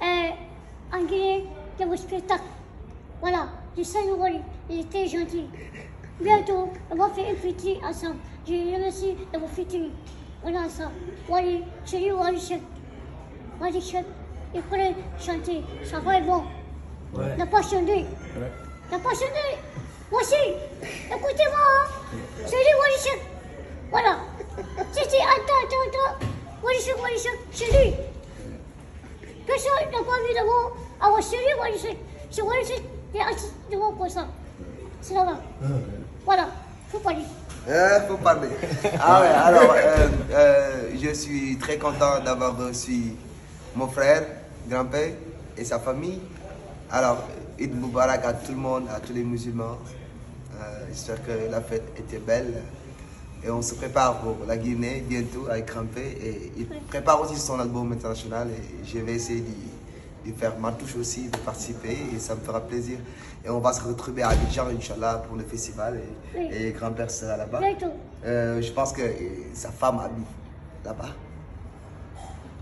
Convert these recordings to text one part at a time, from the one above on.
en euh, guinée de vos spectacles. Voilà, je salue Wally, il était gentil. Bientôt, on va faire une petite ensemble. Je remercie de vos futurs. Voilà, ça. ensemble. Wally, c'est lui Wally Chef. Wally Chef, il fallait chanter, ça va être bon. Ouais. La passion de ouais. La passion de Moi aussi, écoutez-moi, hein. c'est lui Wally Chef. Voilà. C'était, attends, attends, attends. Wally Chef, Wally Chef, c'est lui personne n'a pas vu de mots. I was sitting when she, she went sit there, de mots comme ça. C'est là-bas. Voilà, faut parler. Il faut parler. Ah ouais, alors, je suis très content d'avoir reçu mon frère, grand-père et sa famille. Alors, Eid Mubarak à tout le monde, à tous les musulmans. Euh, j'espère que la fête était belle. Et on se prépare pour la Guinée bientôt avec Grand-père Et il prépare aussi son album international et je vais essayer de faire ma touche aussi, de participer et ça me fera plaisir. Et on va se retrouver à Abidjan, Inch'Allah, pour le festival et, Grand-Père sera là-bas. Euh, je pense que euh, sa femme habite là-bas.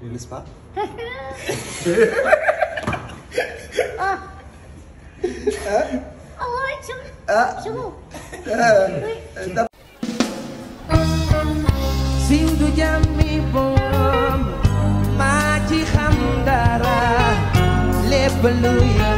N'est-ce pas ah. Hein? Ah, siiw du jàmmi boom maa ci xam dara lépp luy